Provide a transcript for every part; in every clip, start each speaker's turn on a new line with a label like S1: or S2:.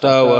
S1: tawa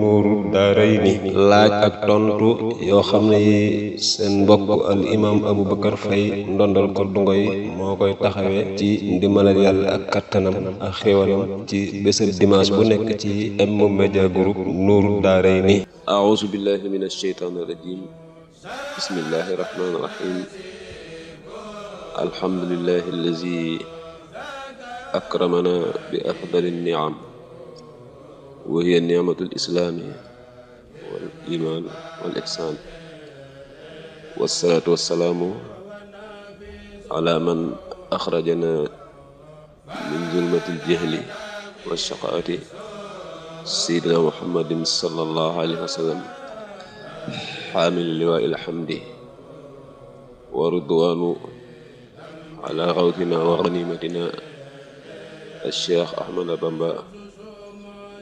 S1: nuuru daarayni laaj ak tontu yoo xam ne yi seen mbokk al imaam Aboubacar Faye ndondal ko dungoy moo koy taxawee ci ndimbalal yàlla ak kattanam ak xéwalam ci bésëb dimanche bu nekk ci M Media Group nuuru daarayni aouzu billahi min asheytaani rajim bismillahi rahmaani rahim wa hiya ni'matul islaami wal iman wal ihsaan wassalaatu wassalaamu ala man axrajana min zulmatil jahli wa shaqaati sayyidina muhammadin sallallahu alayhi wa sallam xaamil liwaa'il hamdi wa ridwaanu ala xawtina wa ganimatina al cheikh ahmada bamba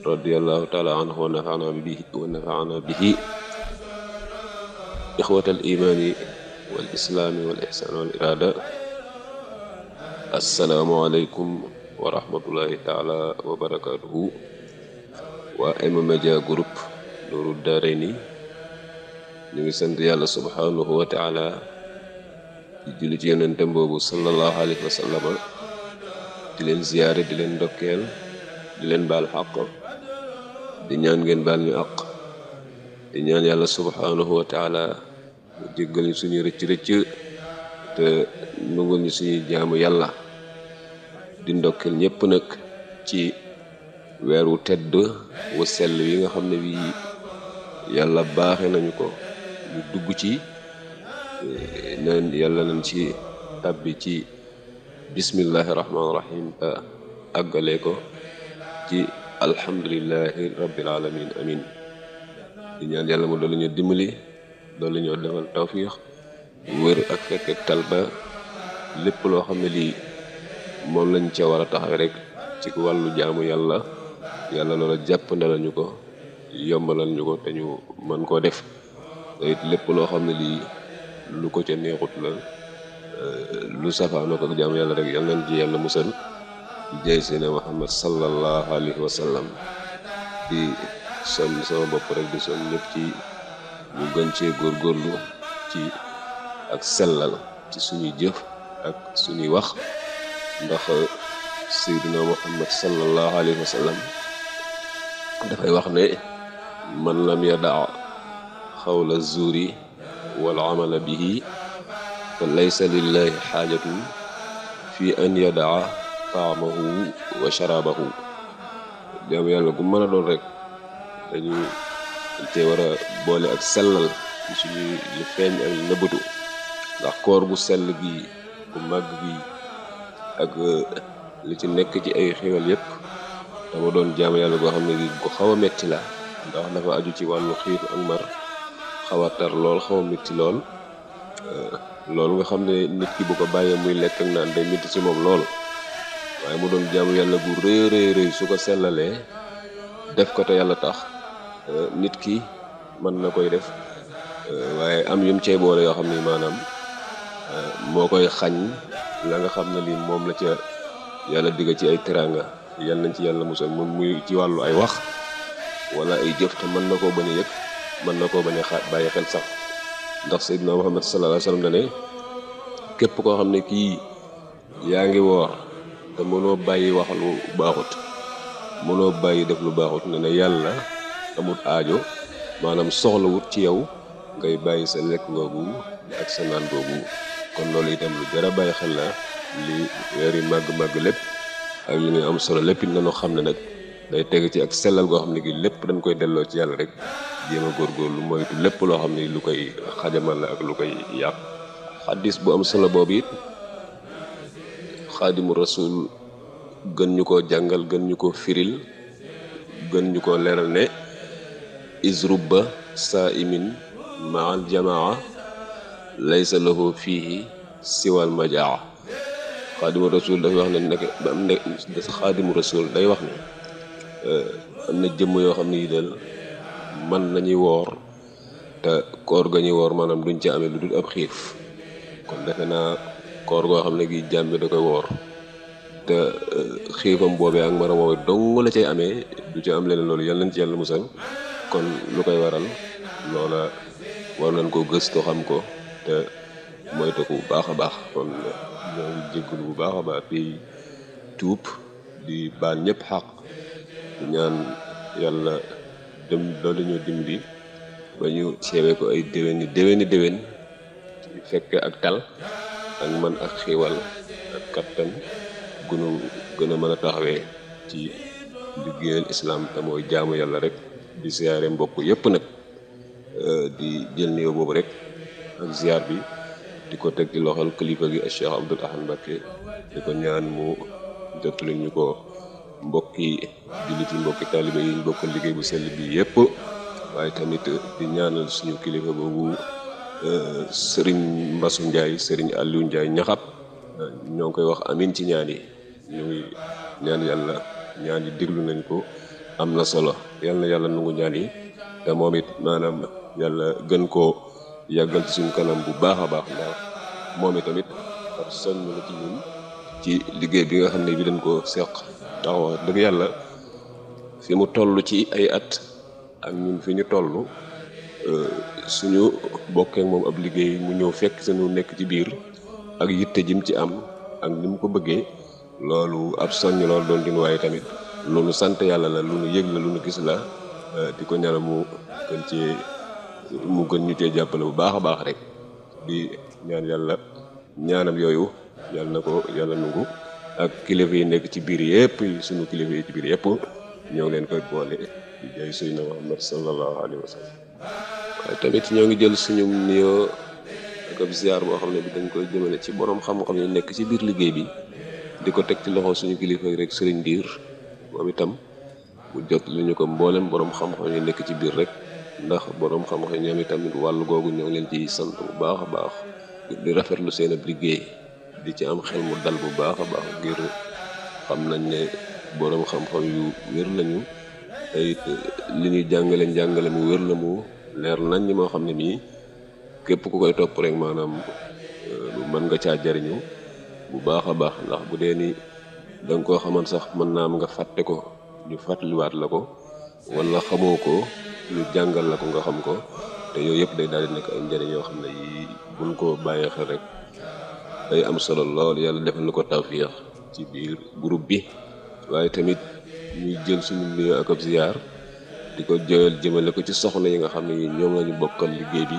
S1: radiallahu taala anhu wa nafaana bihi wa nafaana bihi ixwat al imaani wal islaami wal ihsaan wal iraada assalaamu aleykum wa rahmatullahi taala wa barakaatuhu waa M Media Group Nourou Darayni ñu ngi sant yàlla subhaanahu wa taala di julli ci yonentam boobu sallallahu alayhi wa sallama di leen ziyaare di leen ndokkeel di leen baal xàq di ñaan ngeen baal ñu àq di ñaan yàlla subhaanahu wa taala mu ñu suñu rëcc rëcc te nungul ñu suñu jaamu yàlla di ndokkeel ñépp nag ci weer wu tedd wu sell yi nga xam ne bii yàlla baaxe nañu ko ñu dugg ci neen yàlla nañ ci tàbbi ci bismillahi rahmaani ko ci alhamdulilahi rabbil alamin amin di ñaan yàlla mu doolu ñu dimbali doolu ñoo defal tawfiix wér ak fekk talba lépp loo xam ne lii moom lañ ca war a taxawe rek ci wàllu jaamu yàlla yàlla loola jàpp ndalal ko yombalal ko te ñu mën koo def it lépp loo xam ne lii lu ko ca neexut la lu safaanoo ko jaamu yàlla rek yàlla nañ ci yàlla musal jay seydina muhammad sallallahu alayhi wa di sonn sama bopp rek di sonn ñëpp ci ñu gën cee góorgóorlu ci ak sellal ci suñuy jëf ak suñuy wax ndax seydina muhammad sallallahu alayhi wa dafay wax ne man lam yadaa xawla zuuri wal amala bihi fa laysa lillahi xaajatun fi an yadaa taamahu wa sharabahu jaamu yàlla gu mën a doon rek dañu te ak sellal suñuy lu feeñ ak nëbbatu ndax gu màgg gi ak eh, li ci nekk ci ay xéwal yépp dama doon jaamu yàlla goo xam ne gi gu xaw a metti la ndax dafa aju ci wàllu xiif ak mar xaw a tar lool xaw a metti lool eh, loolu nga xam ne nit ki bu ko bàyyee muy lekk ak naan day metti ci moom lool waaye mu doon jaamu yàlla gu rëy rëy su ko sellalee def ko te yàlla tax euh, nit ki mën na koy def euh, waaye am yum cey boole yoo xam ni maanaam euh, moo koy xañ la nga xam ne lii moom la ca yàlla digg ci ay teraanga yal nañ ci yàlla musal mun muy ci wàllu ay wax wala ay jëf te mën na koo bañ a yëg mën na koo bañ a xaat bàyyi xel sax ndax Seydina Muhammad sallallahu alayhi wasallam képp koo xam ne kii yaa ngi woor te mënoo bàyyi wax lu baaxut mënoo bàyyi def lu baaxut ne ne yàlla amut aajo maanaam soxla wut ci yow ngay bàyyi sa lekk googu ak sa naan googu kon loolu tam lu jar a bàyyi xel la li weer yi màgg-màgg lépp ak li muy am solo lépp it nañu xam ne nag day teg ci ak sellal goo xam ne gi lépp dañ koy delloo ci yàlla rek jéem a lu moytu lépp loo xam ne lu koy xajamal la ak lu koy yàq xaddis bu am solo boobu it xaadimu rasul gën ñu ko jàngal gën ñu ko firil gën ñu koo leeral ne isrubba saa imin maal jamaa laysa lahu fii siwal majaa xaadimu rasul dafay wax ne nekk am ne xaadimu rasul day wax ne eh, am na jëmm yoo xam ne yi dal man nañuy woor te koor ga ñuy woor maanaam duñ ci amee lu dul ab xiif kon defe naa koor goo xam ne gi jàmm da koy woor te eh, xiifam boobee ak maram woowee dong la cay amee lu ci am leneen loolu yal nañ ci yàlla musal kon lu koy waral loola war nañ ko gëstu xam ko te moytu ko bu baax a baax kon ñoo bu baax a baax fii tuub di baal ñépp xaq ñaan yàlla dem loolu ñu dimbali ba ñu seewee ko ay déwén ni déwéni déwén ak tal ak man ak xéewal ak kattan gunu gën a mën a taxawee ci liggéeyal islam te jaamu yàlla rek di siyaare mbokk yépp nag euh, di jël néew boobu rek ak ziar bi di ko teg ci loxol kilifa gi Cheikh Abdoul Ahad Mbacké di ko ñaan mu jottali ñu ko mbokki jullit yi mbokki taalibe yi ñu liggéey bu sell bi yépp waaye tamit di ñaanal suñu kilifa boobu sëriñ Mbassou Ndiaye sëriñ Aliou Ndiaye ñaxab ñoo ngi koy wax amin ci ñaan yi ñu ñaan yàlla ñaan yi déglu nañ ko am na solo yal na yàlla nangu ñaan yi te moom it maanaam yàlla gën koo yàggal ci suñu kanam bu baax a baax ndax moom it tamit ak sonn la ci ñun ci liggéey bi nga xam ne bi dañ koo seq ndax wax dëgg yàlla fi mu toll ci ay at ak ñun fi ñu toll Euh, suñu bokkee moom ab liggéey mu ñëw fekk suñu nekk ci biir ak yitte jim ci am ak ni mu ko bëggee loolu ab soññ loolu doon din waaye tamit lu nu sant yàlla la lu nu yëg la lu nu gis la euh, di ko ñala mu gën cee mu ñu cee jàppale bu baax a baax rek di ñaan yàlla ñaanam yooyu yàlla na ko yàlla nungu ak kilifa yi nekk ci biir yëpp suñu kilifa yi ci biir yëpp ñëw leen koy boole di jaay Seydina Muhammad sallallahu alayhi wa tamit ñoo ngi jël suñu nuyoo ak boo xam ne bi dañ koy jëmale ci boroom xam-xam yi nekk ci biir liggéey bi di ko teg ci loxo suñu kilifa rek sëriñ Diir moom itam mu jot lu ñu ko mboolem boroom xam-xam yi nekk ci biir rek ndax borom xam-xam ñoom itamit wàll leen ci sant bu baax a baax di rafetlu seen ab liggéey di ci am xel mu dal bu baax a baax ngir xam nañ ne borom xam-xam yu wér lañu te li ñuy jàngale njàngale mu wér la mu. leer nañ ñi moo xam ne nii képp ku koy topp rek maanaam euh, lu mën nga caa jariñu bu baax a baax ndax bu dee ni da koo xamoon sax mën naa am nga fàtte ko ñu fàttaliwaat la ko wala xamoo ko ñu jàngal la ko nga xam ko te yooyu yëpp day daal di nekk ay yoo xam ne yii buñ ko bàyyee xel rek day am solo lool yàlla defal na ko tawfiix ci biir groupe bi waaye tamit ñuy jël suñu nuyoo ak ab ziyaar di ko jël jëmale ko ci soxna yi nga xam ne ñoom lañu bokkal liggéey bi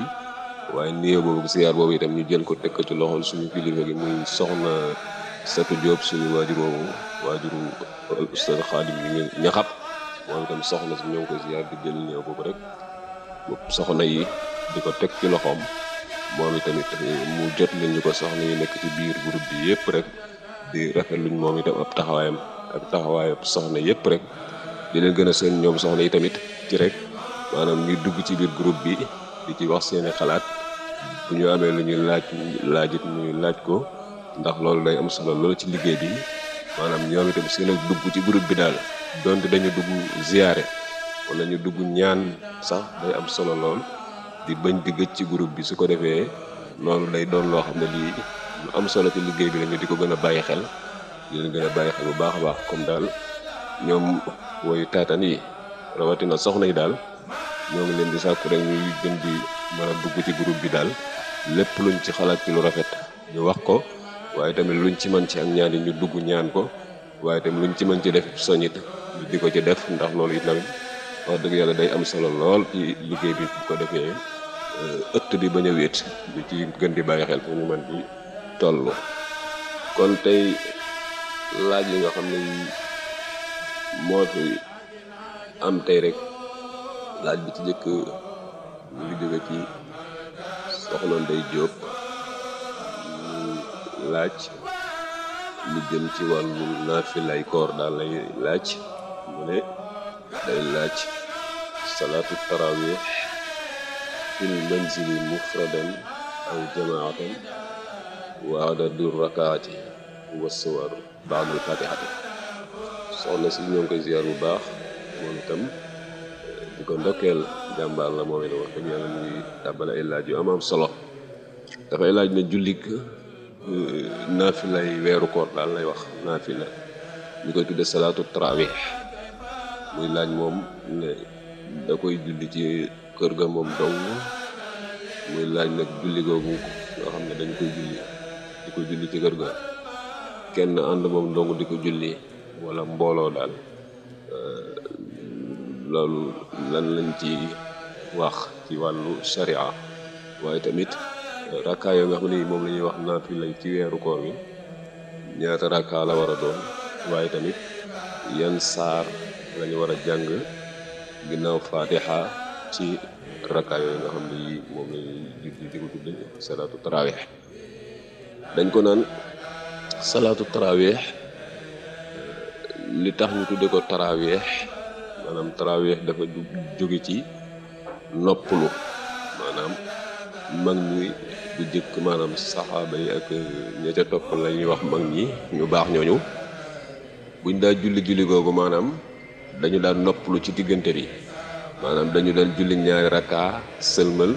S1: waaye néew boobu siyaar boobu itam ñu jël ko teg ko ci loxol suñu kilifa gi muy soxna Satu Jóob suñu waajur boobu waajuru Ustaz Xaadim bi ñu xam moom itam soxna si ñoo ngi ko siyaar di jël yi di ko teg ci loxoom moom itamit mu jot leen ñu ko soxna yi nekk ci biir groupe bi yëpp rek di rafetluñ moom itam ab taxawaayam ak taxawaayu soxna yëpp rek di leen gën a seen ñoom soxla yi tamit ci rek maanaam ñu dugg ci biir groupe bi di ci wax seeni xalaat bu ñu amee lu ñuy laaj laaj laajit ñuy laaj ko ndax loolu day am solo loolu ci liggéey bi maanaam ñoom itam seen ak dugg ci groupe bi daal donte dañu dugg ziyaare wala ñu dugg ñaan sax day am solo lool di bañ di ci groupe bi su ko defee loolu day doon loo xam ne lii lu am solo ci liggéey bi la di ko gën a bàyyi xel di leen gën a bàyyi xel bu baax a baax comme daal ñoom woyu taataan yi rawatina soxna yi daal ñoo ngi leen di sàkku rek ñuy gën di mën dugg ci groupe bi daal lépp luñ ci xalaat ci lu rafet ñu wax ko waaye tamit luñ ci mën ci ak ñaan dugg ñaan ko waaye tamit luñ ci mën ci def soñit ñu di ko ci def ndax loolu it tamit wax dëgg yàlla day am solo lool ci liggéey bi ko defee euh, ëtt bi bañ a wéet ñu ci gën di bàyyi xel fu ñu man di toll kon tey laaj yi nga xam ne moo fi am tey rek laaj bi ci njëkk ñu ngi soxna Ndey Jóob ñu laaj lu jëm ci wàllu naafilay koor daal lay laaj mu ne day laaj salaatu tarawih fil manzili mufradan aw jamaatan wa adadu rakaati wa suwar baadul fatihati soxna si ñoo koy ziar bu baax moom itam di ko ndokkeel jàmbaar la moom itam wax laaj yu am solo dafay laaj ne jullik euh, naafilay weeru koor daal lay wax naafila ñu koy tudde salaatu laaj moom koy julli ga moom laaj nag julli xam ne dañ koy julli ci kër ga kenn ànd moom dong di ko julli wala mbooloo daal euh, loolu lan lañ ci wax ci wàllu sharia waaye tamit euh, rakkaa yoo nga xam ne moom lañuy ñuy wax naafil lañ ci weeru koor wi ñaata rakkaa la war a doon waaye tamit yan saar lañu war a jàng ginnaaw fatiha ci rakkaa nga xam ne moom la ñuy julli di ko tudde salaatu taraweex dañ ko naan salaatu taraweex li tax ñu tudde ko taraaweex maanaam taraaweex dafa jóge ci noppalu maanaam mag ñi bu jëkk maanaam saxaaba yi ak ña topp la ñuy wax mag ñi ñu baax ñooñu buñ daa julli julli googu maanaam dañu daan noppalu ci diggante bi maanaam dañu daan julli ñaari rakkaa sëlmal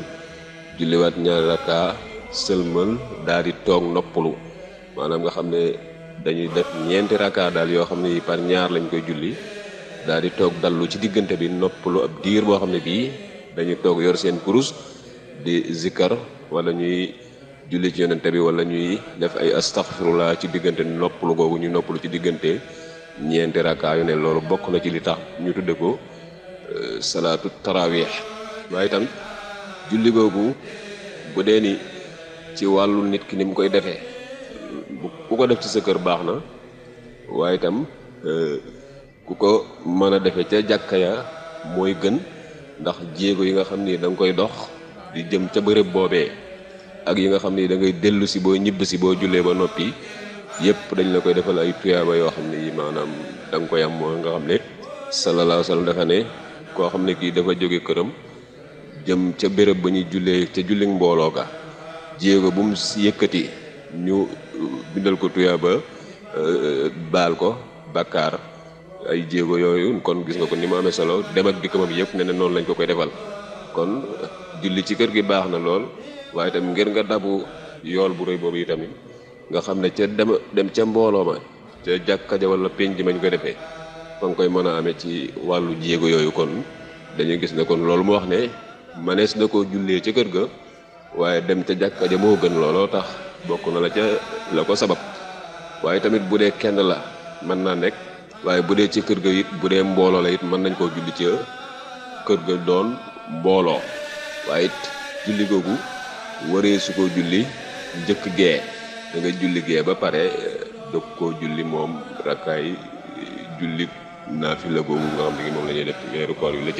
S1: julliwaat ñaari rakkaa sëlmal daal di toog noppalu maanaam nga xam ne dañuy def ñeenti rakka daal yoo xam ne par ñaar lañ koy julli daal di toog dallu ci diggante bi noppalu ab diir boo xam ne bii dañuy toog yor seen kurus di zikkar wala ñuy julli ci yonente bi walla ñuy def ay astaghfirullah ci diggante noppalu googu ñu noppalu ci diggante ñeenti rakka yu ne loolu bokk na ci li tax ñu tudde ko euh, salaatu tarawih waaye itam julli googu bu dee ni ci wàllu nit ki ni mu koy defee ku ko def ci sa kër baax na waaye tam euh, ku ko mën a defe ca jàkka ya mooy gën ndax jéego yi nga xam ni da koy dox di jëm ca bërëb boobee ak yi nga xam ni da ngay dellu si boo ñibb si boo jullee ba noppi yépp dañ la koy defal ay tuyaaba yoo xam ne yi maanaam da koy am moo nga xam ne sallallahu alayhi wa dafa ne koo xam ne kii dafa jóge këram jëm ca bërëb ba ñuy jullee ca julli mbooloo ga jéego bu mu yëkkati ñu bindal ko tuyaaba euh, baal ko bakkaar ay jéego yooyu kon gis nga ko ni mu amee solo dem ak dikkamam yëpp ne ne noonu lañ ko koy defal kon julli ci kër gi baax na lool waaye tam ngir nga dabu yool bu rëy boobu tamit nga xam ne ca dem dem ca mbooloo ma ca jàkka ja wala penc ma ñu koy defee fa nga koy mën a amee ci wàllu jéego yooyu kon dañuy gis ne kon loolu mu wax ne manees na koo jullee ca kër ga waaye dem ca jàkka ja moo gën looloo tax bokk na la ca la ko sabab waaye tamit bu dee kenn la mën naa nekk waaye bu dee ci kër ga it bu dee mbooloo la it mën nañ koo julli ci kër ga doon mbooloo waaye it julli googu waree su ko julli njëkk gee da nga julli gee ba pare dog ko julli moom rakkaay julli naafila googu nga xam ne moom la ñuy def weeru koor yu la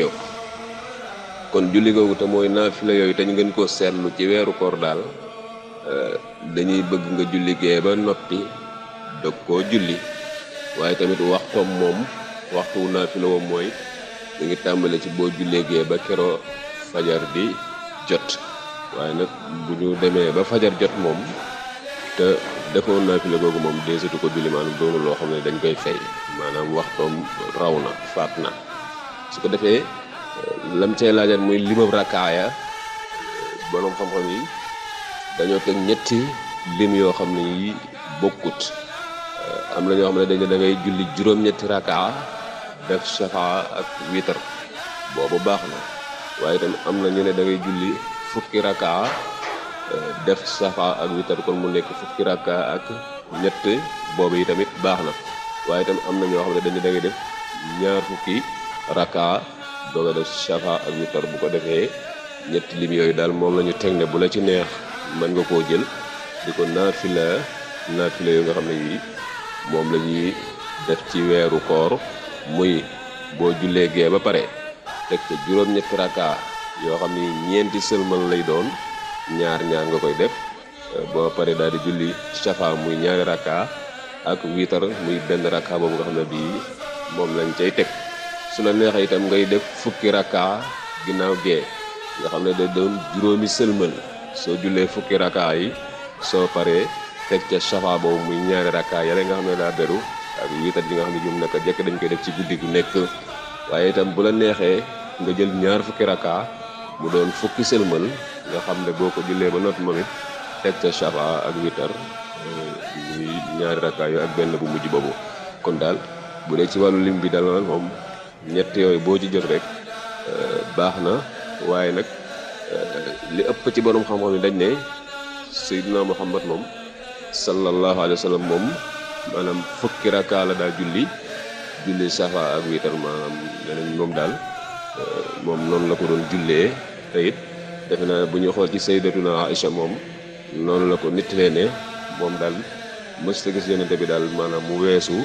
S1: yooyu te gën koo seetlu ci weeru koor daal dañuy bëgg nga julli gee ba noppi dog koo julli waaye tamit waxtoom moom waxtu wu naafila woom mooy da tàmbali tàmbale ci boo jullee gee ba keroo fajar bi jot waaye nag bu ñu demee ba fajar jot moom te defoon naafila googu moom deesatu ko julli maanaam doonu loo xam ne dañ koy fay maanaam waxtoom raw na faat na su ko defee lam cee laajaat muy limab rakkaaya borom xam-xam yi dañoo teg ñetti lim yoo xam ne yi bokkut euh, am na ñoo xam ne dañ dangay ngay julli juróom-ñetti rakaa def shafaa ak witar boobu baax waaye itam am na ñu ne da ngay julli fukki rakaa euh, def shafaa ak witar kon mu nekk fukki rakaa ak ñett boobu yi tamit baax na waaye itam am na ñoo xam ne dañu da def ñaar fukki rakaa dooga def shafaa ak witar bu ko defee ñetti lim yooyu daal moom la ñu teg ne bu la ci neex mën nga koo jël di ko naafila naafila yoo nga xam ne yii moom la ñuy def ci weeru koor muy boo jullee gee ba pare teg ca juróom-ñetti rakka yoo xam ne ni ñeenti sëlmal lay doon ñaar ñaar nga koy def boo pare daal di julli safa muy ñaari rakka ak wiitar muy benn rakka boobu nga xam ne bii moom lañ cay teg su la neexee itam ngay def fukki rakka ginnaaw gee nga xam ne da doon juróomi sëlmal soo jullee fukki rakkaa yi soo paree teg ca safa boobu muy ñaari rakkaa yale nga xam ne daa beru ak wiitat yi nga xam ne jum jekk dañ koy def ci guddi gu nekk waaye itam bu la neexee nga jël ñaar fukki rakkaa mu doon fukki sëlmal nga xam ne boo ko jullee ba noppi moom it teg ca safa ak wiitar muy ñaari rakkaa yooyu ak benn bu mujj boobu kon daal bu dee ci wàllu lim bi dal moom ñett yooyu boo ci jot rek euh, baax na waaye nag Euh, li ëpp ci borom xam-xam yi dañ ne Seydina Muhammad moom sallallahu alayhi wa sallam moom maanaam fukki rakkaa la daa julli julli safa ak wiitar maanaam moom daal euh, moom noonu la ko doon jullee te it defe naa bu ñu xool ci saydatuna Aïcha moom noonu la ko nit lee ne moom daal mës gis yonente bi daal maanaam mu weesu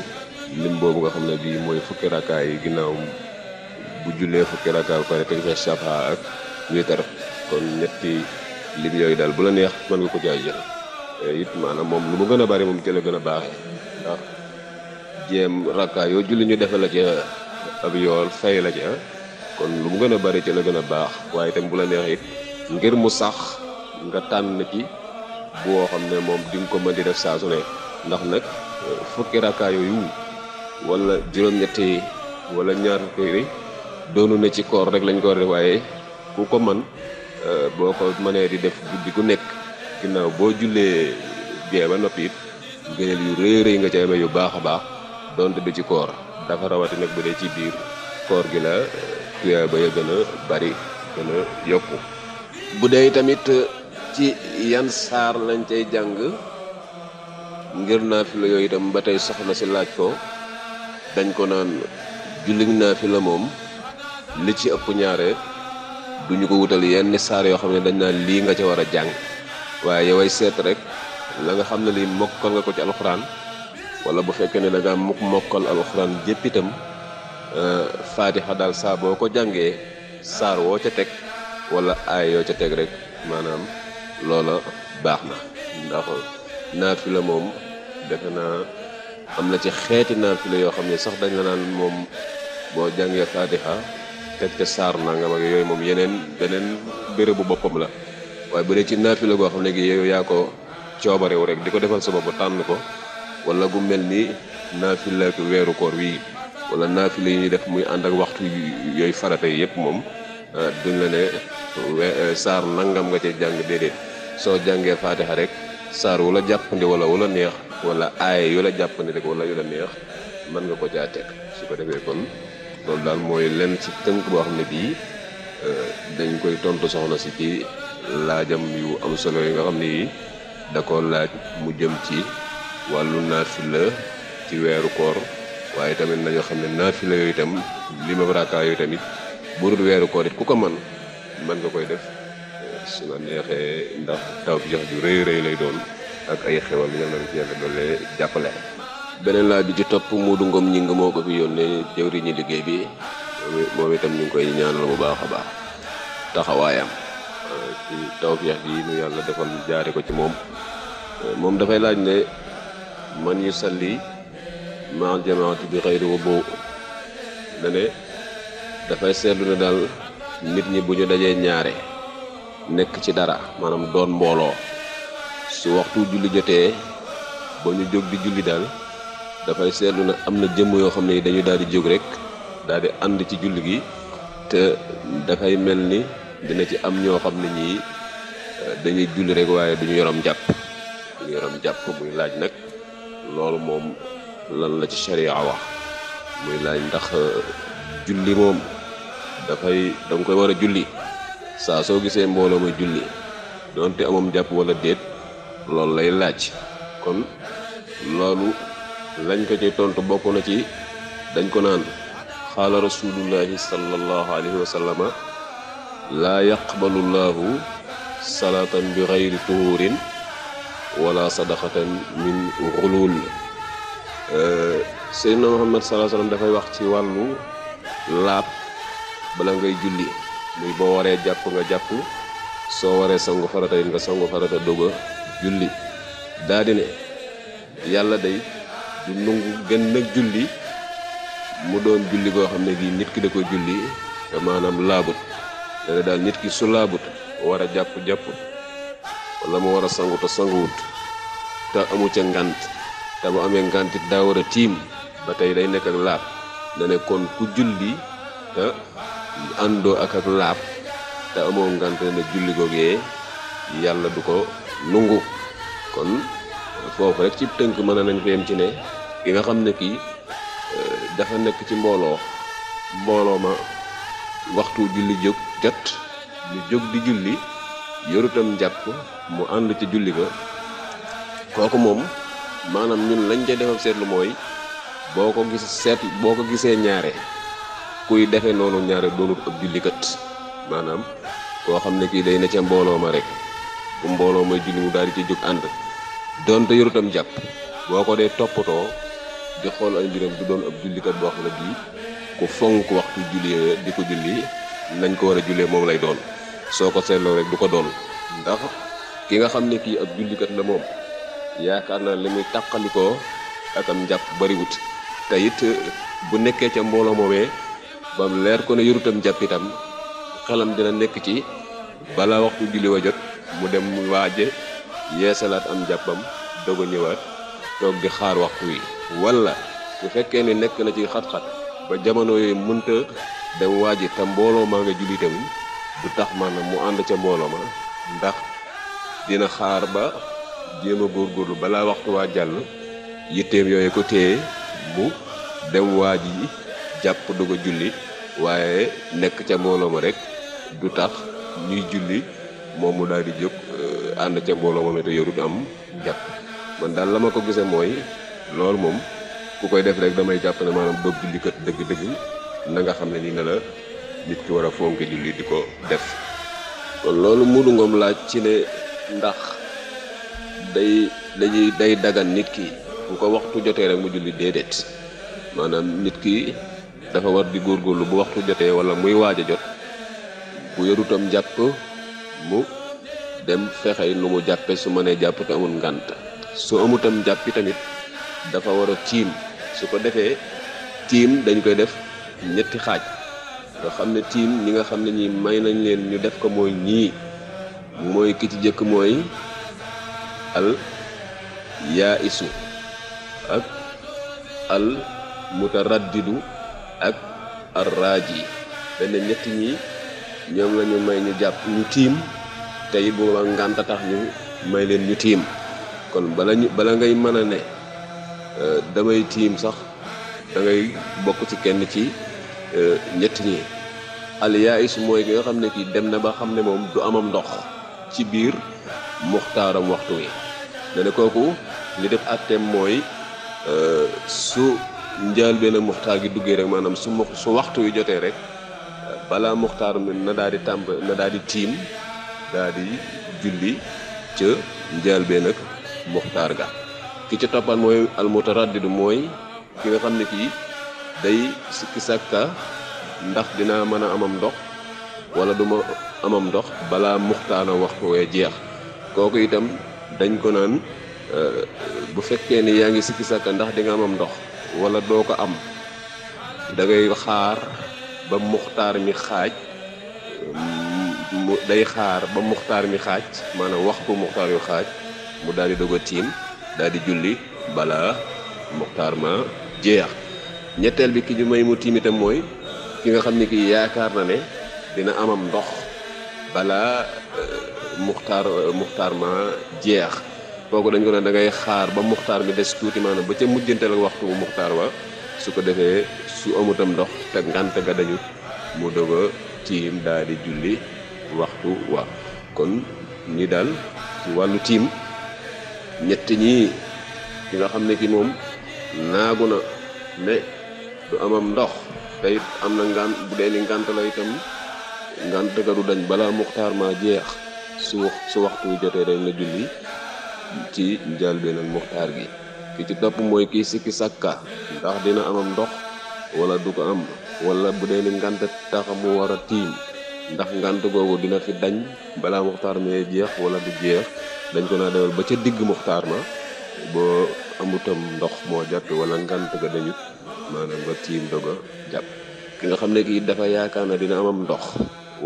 S1: lim boobu nga xam ne bii mooy fukki rakkaa yi ginnaaw bu jullee fukki rakkaa ba pare teg safa ak wiitar kon ñetti lim yooyu daal bu la neex mën nga ko jaay jël it maanaam moom lu mu gën a bari moom jële gën a baaxee ndax jéem rakkaa yoo julli ñu defe la ca ab yool fay la ca kon lu mu gën a bari ci la gën a baax waaye itam bu la neex it ngir mu sax nga tànn ci boo xam ne moom di ko mën di def saa ne ndax nag euh, fukki rakkaa yooyu wala juróom-ñetti wala ñaar fukki doonu na ci koor rek lañ ko war a waaye ku ko man Euh, boo ko mënee di def guddi gu nekk naw boo jullee gee ba noppi it ngëneel yu rëy rëy nga ci amee yu baax a baax donte du ci koor dafa rawati nag bu dee ci biir koor gi la tuyaa ba ya gën a bari gën a yokku bu dee tamit ci yan saar lañ cay jàng ngir naafila yooyu itam ba tey soxna si laaj ko dañ ko naan julli naafila moom li ci ëpp ñaare du ñu ko wutal yenn saar yoo xam ne dañ naan lii nga ca war a jàng waaye yoway seet rek la nga xam ne lii mokkal nga ko ci alxuraan wala bu fekkee ne da ngaa mukk mokkal alxuraan jëpp itam euh, faatixa daal saa boo ko jàngee saar woo ca teg wala aay yoo ca teg rek maanaam loola baax na ndax naafila moom defe naa am na ci xeeti naafila yoo xam ne sax dañ la naan moom boo jàngee faatixa peut-être que saar nangam ak yooyu moom yeneen beneen bérébu boppam la waaye bu dee ci naafila goo xam ne gi yaa ko coobarew rek di ko defal sa bopp tànn ko wala gu mel ni naafila ak weeru koor wii wala naafila yi ñuy def muy ànd ak waxtu yooyu farata yi yëpp moom ah, duñ la ne eh, saar nangam nga cee jàng déedéet soo jàngee faatixa rek saar wala jàppandi wala wala neex wala aay yu la jàppandi rek wala yu la neex mën nga ko caa teg su ko defee kon loolu daal mooy lenn ci tënk boo xam ne bii euh, dañ koy tontu soxna si ci laajam yu am solo yi nga xam ne yi da ko laaj mu jëm ci wàllu naafila ci weeru koor waaye tamit nañu xam ne naafila yooyu itam li ma raakaa yooyu tamit bu dul weeru koor it ku ko man mën nga koy def euh, su la neexee ndax taw bi jox ju rëy rëy lay doon ak ay xewal yal na ci yàlla doole jàppale beneen laa bi ci topp Modou Ngom ñi nga moo ko fi yónnee jëwriñu liggéey bi moom itam ñu ngi koy ñaanal bu baax a baax taxawaayam ci tawfeex gi nu yàlla defal jaare ko ci moom moom dafay laaj ne man yu salli ma jamaati bi xëyri wa boobu da ne dafay seetlu ne daal nit ñi bu ñu dajee ñaare nekk ci dara maanaam doon mbooloo su waxtu julli jotee ba ñu jóg di julli daal dafay seetlu nag am na jëmm yoo xam ne dañu daal di jóg rek daal di ànd ci julli gi te dafay mel ni dina ci am ñoo xam ne ñii eh, dañuy julli rek waaye duñu yorom jàpp duñu yorom muy laaj nag loolu moom lan la ci sharia wax muy laaj ndax eh, julli moom dafay da koy war a julli saa soo gisee mbooloo ma julli di amam jàpp wala déet loolu lay laaj kon loolu lañ ko ci tontu bokk na ci dañ ko naan xaala rasulullahi sallallahu alayhi wa sallama laa salaatan bi gayri tuhurin wala sadaqatan min xulul seydna muhammad salaa dafay wax ci wàllu laab bala ngay julli muy boo waree jàpp nga jàpp soo waree sangu farata yi nga sangu farata doga julli daa ne yàlla day di nangu gën nag julli mu doon julli goo xam ne gii nit ki da ko julli te maanaam laabut nee daal nit ki su laabut war a jàpp-jàpp wala mu war a sangu te sanguwut te amu ca ngant te bu amee ngant daa war a tiim ba tey day nekk ak laab ne ne kon ku julli te àndoo ak ak laab te amoo ngant ne julli googee yàlla du ko nungu kon foofu rek ci tënk mën nañ ko yem ci ne ki nga xam ne kii euh, dafa nekk ci mbooloo mbooloo ma waxtu julli jóg jot ñu jóg di julli yorutam jàpp mu ànd ci julli ga kooku moom maanaam ñun lañ ca defam seetlu mooy boo ko gis seet boo ko gisee ñaare kuy defee noonu ñaare doonut ab jullikat maanaam koo xam ne kii day na ca mbooloo ma rekk mbooloo may julli mu daal di ci jóg ànd doonte yorutam jàpp boo ko dee toppatoo di xool ay mbiram du doon ab jullikat boo xam ne bii ku fonk waxtu julli di ko julli nañ ko war a jullee moom lay doon soo ko seetloo rek du ko doon ndax ki nga xam ne kii ak jullikat la moom yaakaar naa li muy tàqalikoo ak am njàpp bariwut te it bu nekkee ca mbooloo moomee bam leer ko ne yorutam jàpp itam xelam dina nekk ci balaa waxtu julli wa jot mu dem waaje yeesalaat am jàppam doog ñëwaat toog di xaar waxtu wi wala bu fekkee ni nekk na ci xat-xat ba jamono yooyu mënta dem waa ji te mbooloo maa nga julli tamit du tax man mu ànd ca mbooloo ma ndax dina xaar ba jéem a góorgóorlu balaa waxtu waa jàll yitteem yooyu ko téye mu dem waa ji jàpp du julli waaye nekk ca mbooloo ma rekk du tax ñuy julli moom mu daal di jóg ànd ca mbooloo moom it yorut am jàpp man daal la ma ko gisee mooy loolu moom ku koy def rek damay jàpp ne maanaam bëgg jullikat dëgg-dëgg na nga xam ne nii ne la nit ki war a fonke julli di ko def loolu Modou Ngom laaj ci ne ndax day dañuy day dagan nit ki bu ko waxtu jotee rek mu julli déedéet maanaam nit ki dafa war di góorgóorlu bu waxtu jotee wala muy waaj a jot bu yorutam jàpp mu dem fexe yi nu mu jàppe su mënee jàpp te amul ngànt su amutam jàppi tamit dafa war a tiim su ko defee tiim dañ koy def ñetti xaaj nga xam ne tiim ñi nga xam ne ñi may nañ leen ñu def ko mooy ñii mooy ki ci jëkk mooy àll yaa isu ak al mutaraddidu ak ar raaji benn ñetti ñi ñoom la ñu may ñu jàpp ñu tiim tey booba ngànt tax ñu may leen ñu tiim kon bala bala ngay mën a ne euh, damay tiim sax da bokk ci kenn ci euh, ñett ñi aliyaayis mooy ki nga xam ne kii dem na ba xam ne moom du amam ndox ci biir muxtaaram waxtu wi ne kooku ñu def atteem mooy euh, su njaal benn muxtaar gi duggee rek maanaam su su waxtu wi jotee rek balaa muxtaar mi na daal di tàmb na daal di tiim daa di julli ca njëlbéen ak muxtaar ga ki ca toppaat mooy almutaraddid mooy ki nga xam ne kii day sikki sàkka ndax dinaa mën a amam ndox wala duma amam ndox balaa muxtaana waxtu wee jeex kooku itam dañ ko naan euh, bu fekkee ni yaa ngi sikki sàkka ndax di nga amam ndox wala doo ko am da ngay xaar ba muxtaar mi xaaj mu day xaar ba muxtaar mi xaaj maanaam waxtu muxtaar yu xaaj mu daal di doog a tiim daal di julli balaa muxtaar ma jeex ñetteel bi ki ñu may mu tiim itam mooy ki nga xam ni ki yaakaar na ne dina amam ndox balaa euh, muxtaar muxtaar ma jeex kooku dañ ko ne da xaar ba muxtaar mi des tuuti maanaam ba ca mujjanteel ak waxtu bu muxtaar wa su ko defee su amutam ndox te ngànt ga dañu mu doog a tiim daal julli waxtu wa kon ni daal ci wàllu tiim ñett ñii ki nga xam ne ki moom naagu na ne du amam ndox te am na ngaan bu dee ni ngànt la itam ngànt ga du dañ balaa muxtaar ma jeex su su waxtu jotee dañ la julli ci njëlbéenal muxtaar gi ki ci topp mooy kii sikki sàkka ndax dina amam ndox walla du ko am wala bu dee ni ngànt taxa mu war a tiim ndax ngànt googu dina fi dañ balaa muxtaar mee jeex wala du jeex dañ ko naa dewal ba ca digg muxtaar ma boo amutam ndox moo jàpp wala ngànt ga dañut maanaam nga tiim doog jàpp ki nga xam ne kii dafa yaakaar na dina amam ndox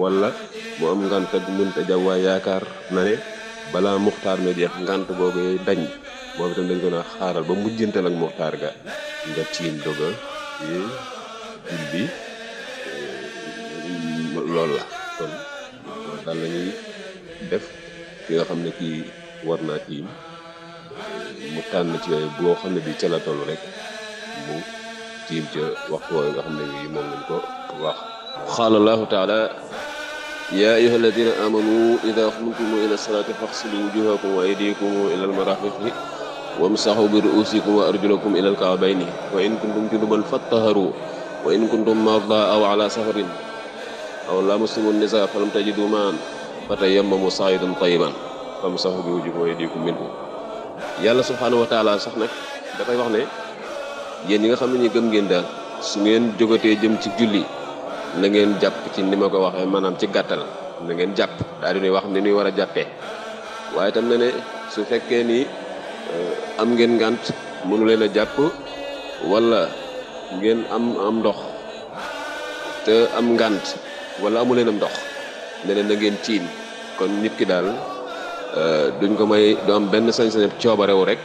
S1: wala mu am ngànt ak mënta jàpp yaakaar na balaa muxtaar mee jeex ngànt googu yooyu dañ moom dañ ko naa xaaral ba mujjantal ak muxtaar ga nga tiim doog a eh, julli eh, loolu la lan la ñuy def ki nga xam ne kii war naa tiim mu tànn ci yooyu boo xam ne bii ca la toll rek mu tiim ca waxtu wooyu nga xam ne bii moom lañ ko wax qaala allahu taala ya ayuha alladina amanu ida qumtum ila salaati faxsilu wujuhakum wa aydikum ila almarafiqi wamsaxu bi ruusikum wa arjulakum ila alkaabayni wa in kuntum junuban fattaharu wa in kuntum marda aw ala safarin aw lamastum nisaa falam tajidu maan fatayammamu sa'idan tayyiban famsahu bi wujuhikum wa aydikum minhu yàlla subhaanahu wa taala sax nag dafay wax ne yéen ñi nga xam ne ñu gëm ngeen daal su ngeen jógatee jëm ci julli na ngeen jàpp ci ni ma ko waxee maanaam ci gàttal na ngeen jàpp daal di nuy wax ni nuy war a jàppee waaye tam na ne su fekkee ni eh, am ngeen ngànt mënu leen a jàpp wala ngeen am am ndox te am ngànt wala amu leen am ndox ne leen ngeen tiin kon nit ki daal euh, duñ ko may du am benn sañ-sañab coobarewu rek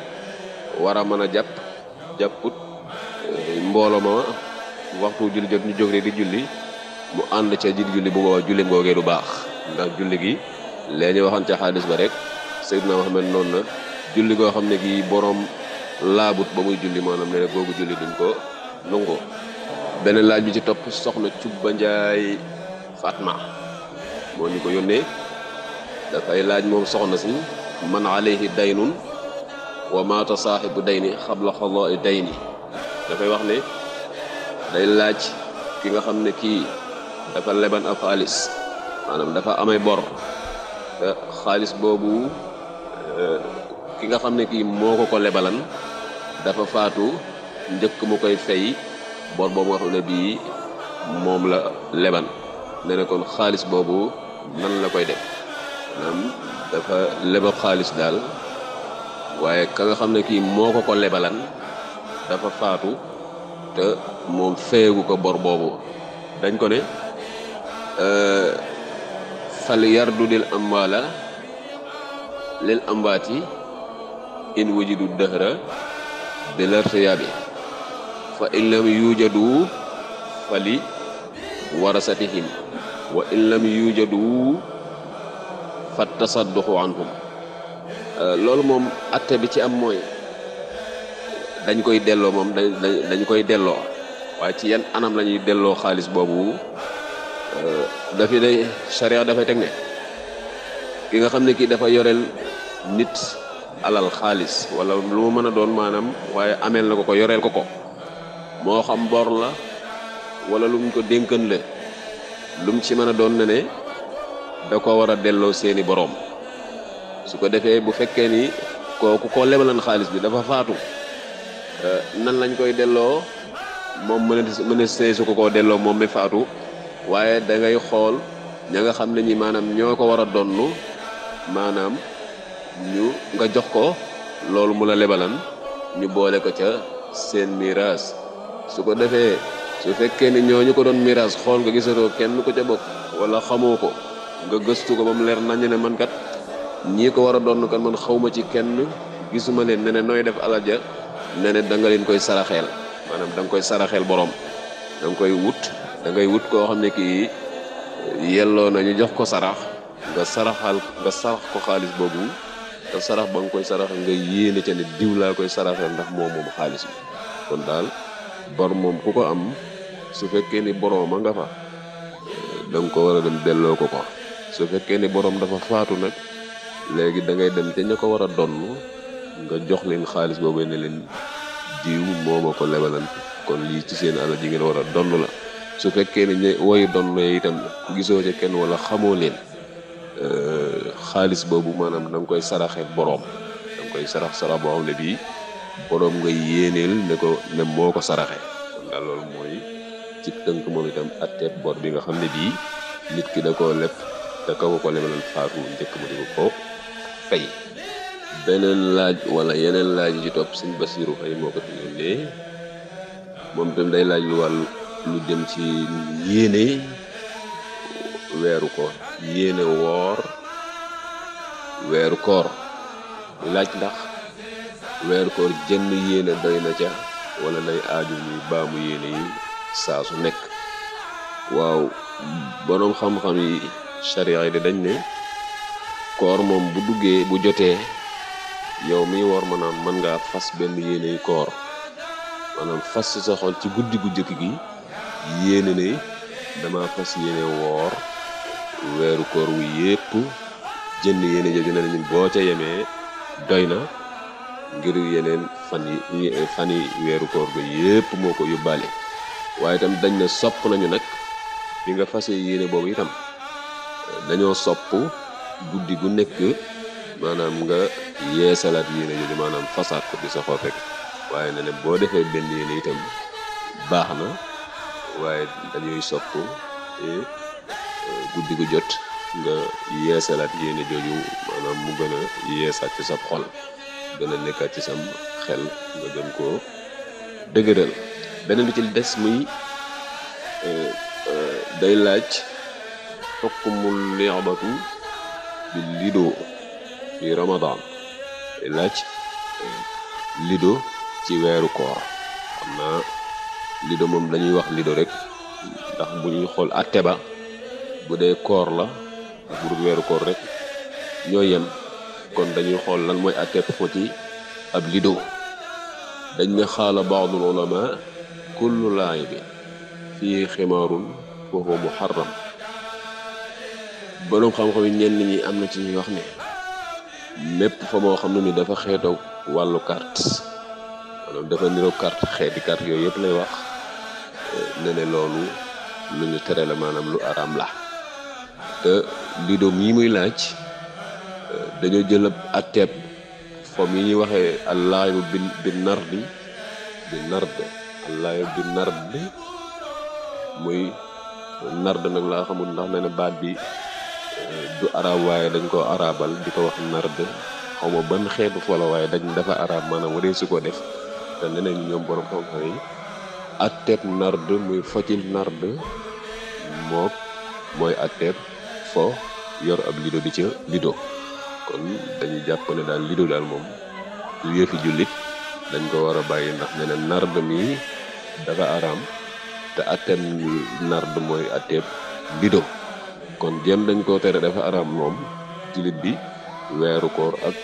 S1: war mën a jàpp jàpput euh, mbooloo ma waxtu julli jot ñu jóg di julli mu ànd ca ji di julli bu boobaa julleem googee du baax ndax julli gi lee ñu waxoon ca xaalis ba rek Seydina Muhammad noonu na julli goo xam ne gi boroom laabut ba muy julli maanaam ne googu julli duñ ko nungu beneen laaj bi ci topp soxna Cubba Njaay Fatma moo ñu ko yónnee dafay laaj moom soxna si man alayhi daynun wa maata saaxibu dayni xabla day ni dafay wax ne day laaj ki nga xam ne kii dafa leban ak xaalis maanaam dafa amee bor xaalis boobu eh, ki nga xam ne kii moo ko ko lebalan dafa faatu njëkk mu koy fay bor boobu nga xam bii moom la leban ne ne kon xaalis boobu nan la koy def maanaam dafa lebab xaalis daal waaye ka nga xam ne kii moo ko ko lebalan dafa faatu te moom feegu ko bor boobu dañ ko ne fal yardu lil amwaala lil amwaati in wujudu dëhra de lartiyaabi fa in lam yujadu fali warasatihim wa in lam yujadu fa tasadduqu anhum euh, loolu moom atte bi ci am mooy dañ koy delloo moom dañ dañ koy delloo waaye ci yan anam la ñuy delloo xaalis boobu euh, dafi day charia dafay teg ne ki nga xam ne kii dafa yoreel nit alal xaalis walla lu mu mën a doon maanaam waaye ameel na ko ko yoreel ko ko moo xam bor la wala lu mu ko dénkan la lum ci mën a doon ne ne da koo war a delloo seeni boroom su ko defee bu fekkee ni kooku koo lebalan xaalis bi dafa faatu eh, nan lañ koy delloo moom mën mëne see ko koo delloo moom mi faatu waaye da ngay xool ña nga xam ne ñi maanaam ñoo ko war a donnu maanaam ñu nga jox ko loolu mu la lebalan ñu boole ko ca seen miraas su ko defee su fekkee ne ñu ko doon miraas xool nga gisatoo kenn ko ca bokk wala xamoo ko nga gëstu ko ba mu leer nañu ne man kat ñii ko war a doon kat man xawma ci kenn gisuma leen ne nooy def alal ja ne ne da nga leen koy saraxeel maanaam danga koy saraxeel borom da koy wut da wut koo xam ne kii yelloo na ñu jox ko sarax nga saraxal nga boobu te sarax ba koy saraxal nga yéene ca ne diw laa koy saraxeel ndax moom moom xaalis bi kon daal bor moom ku ko am su fekkee ni boroom a nga fa da ko war a dem delloo ko ko su fekkee ni boroom dafa faatu nag léegi da ngay dem ca ña ko war a donn nga jox leen xaalis boobu ne leen jiw mooma ko kon lii ci seen alal war a donn la su fekkee ne ña woyu donn yee itam gisoo ca kenn wala xamoo leen eh, xaalis boobu maanaam da koy saraxee boroom da koy sarax sarax boo xam ne bii boroom ngay yéeneel ne ko ne moo ko saraxee mooy ci tënk moom itam atteeb bor bi nga xam ne bii nit ki da koo leb te kaw ko lebaloon faatu njëkk mu di ko fay beneen laaj wala yeneen laaj yi ci topp sëñ Basiiru Fay moom itam day laaj lu wàllu lu jëm ci yéene weeru ko yéene woor weeru koor laaj ndax weeru koor jënn yéene doy na ca wala nay aaju ñuy baamu yéene yi saa su nekk waaw boroom xam-xam yi sariya yi di dañ ne koor moom bu duggee bu jotee yow miy woor maanaam mën ngaa fas benn yéeney koor maanaam fas sa ci guddi gu jëkk gi yéene ne dama fas yéene woor weeru nañu boo ca yemee doy na ngir yeneen fan yi fan yi weeru koor ga yépp moo ko yóbbaale waaye itam dañ na sopp nañu nag bi nga fase yéene boobu itam dañoo sopp guddi gu nekk maanaam nga yeesalaat yéene jooju maanaam fasaat ko di sa xoo waaye ne boo defee benn yéene baax na waaye dañuy sopp eh, guddi gu jot nga yeesalaat yéene mu gën a yeesaat ci sa xol gën a nekkaat ci sam xel nga gën koo dëgëral benn bi ci des muy euh, day laaj xukmul ni'matu bil lido fi ramadan day laaj euh, lido ci weeru koor xam naa lido moom dañuy wax lido rek ndax bu ñuy xool àtte ba bu dee koor la ak bu dul weeru koor rek ñoo yem kon dañuy xool lan mooy àtte fo ci ab lido dañ ne xaala baadul ulama kullu laayibin fii ximaarun wa huwa muharram boroom xam-xam yi ñenn ñi am na ci ñuy wax ne lépp fa moo xam ne ni dafa xeetoo wàllu kart maanaam dafa niroo kart xeeti kart yooyu yëpp lay wax ne ne loolu lu ñu tere la maanaam lu araam la te lii doom yi muy laaj dañoo jël ak atteeb fomm yi ñuy waxee al laayibu bi bi nard bi layo bi nard muy nard nag laa xamul ndax nee baat bi eh, du arab waaye dañ ko arabal di ko wax nard xaw ban xeetu folo waaye dañ dafa arab maanaam waree su ko def te neneen ñoom borom xam-xam yi atteeb nard muy focil nard mook mooy atteeb fo yor ab lido di ca lido kon dañuy jàpp daal lido daal moom du yëfi jullit dañ ko war a bàyyi ndax ne ne nard mi dafa araam te atteem nard mooy atteeb bido kon jéem dañ koo tere dafa araam moom jullit bi weeru koor ak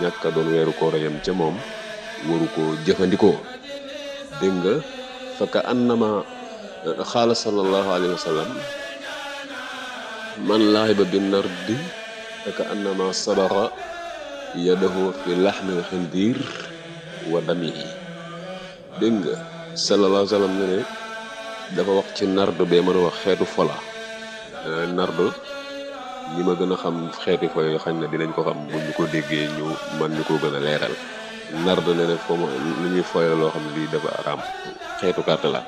S1: ñàkk a doon weeru koor a yem ca moom waru koo jëfandikoo dégg nga fakka annama eh, xaala sallallahu alayhi wa sallam man laahiba bi nardi fakka annama sabara yadahu fi laxmil xindiir wa damihi dégg nga sallallahu alayhi wa sallam ne ne dafa wax ci nardu bee mën a wax xeetu fola euh, nardu ñi ma gën a xam xeeti fo yoo xam ne dinañ koo xam bu ñu ko déggee ñu man ñu ko gën a leeral nardu ne ne foo ma lu ñuy foyla loo xam ne lii dafa araam xeetu carte la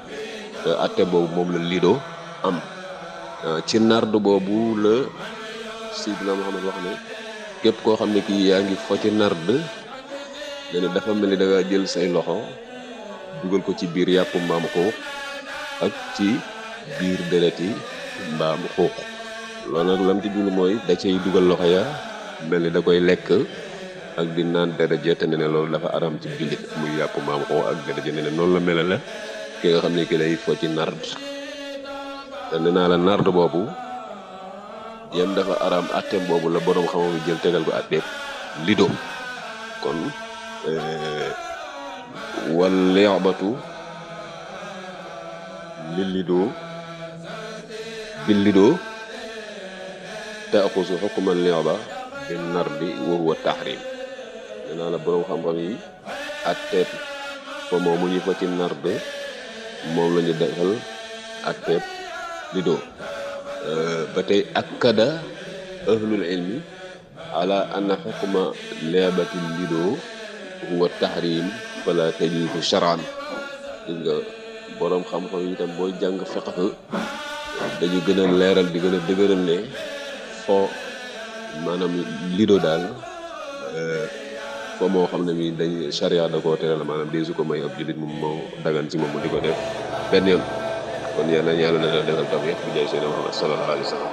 S1: te euh, atte boobu moom la lido am euh, ci nardu boobu la sidna Muhammad wax ne képp koo xam ne kii yaa ngi fo ci nard nee na dafa mel ni da jël say loxo dugal ko ci biir yàppu mbaam xuux ak ci biir dereti mbaam xuux loolu nag lam ci dund mooy da cay dugal loxo ya mel ni da koy lekk ak di naan deraja te ne loolu dafa aram ci jullit muy yàpp maam xoo ak deraja ne noonu la mela la ki nga xam ne ki day fo ci nard te ne naa la nard boobu yem dafa aram atteem boobu la boroom xamam jël tegal ko atteeb lido kon واللعبة لللدو باللدو تأخذ حكم اللعبة بالنرد وهو التحريم nee la borom xam-xam yi ak teeb fa moom mu ñu fa ci nard moom la ñu ak teeb lidoo euh, ba tey akkada ahlul ilmi ala anna xukma leebati lidoo huwa tahrim wala tajwidu charan dégg nga boroom xam-xam yi itam booy jàng fiqh dañu gën a leeral di gën a dëgëral ne foo maanaam lido daal euh, foo moo xam ne mi dañ charia da koo tere la maanaam deesu ko may ab jullit moom moo dagan ci moom mu di ko def benn yoon kon yàlla yàlla na defal tawfiq bi jaay seen Muhammad sallallahu alayhi wa sallam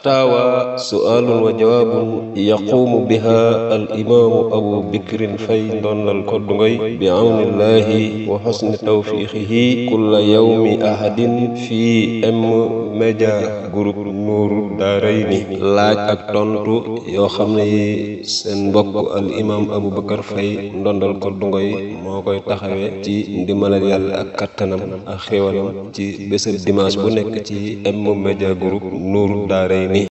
S1: fataawa su'aalun wa jawaabun yaquumu biha al imaamu abu bikrin fay ndondal koddu ngoy bi awnillahi wa xosni tawfiixihi kulla yawmi ahadin fii M Media Group nuuru daarayni laaj ak tontu yoo xam ne yi seen mbokk al imaam Aboubacar Faye ndondal ko dungo yi moo koy taxawee ci ndimbalal yàlla ak kattanam ak xéwalam ci bésëb dimanche bu nekk ci M Media Group nuuru daarayni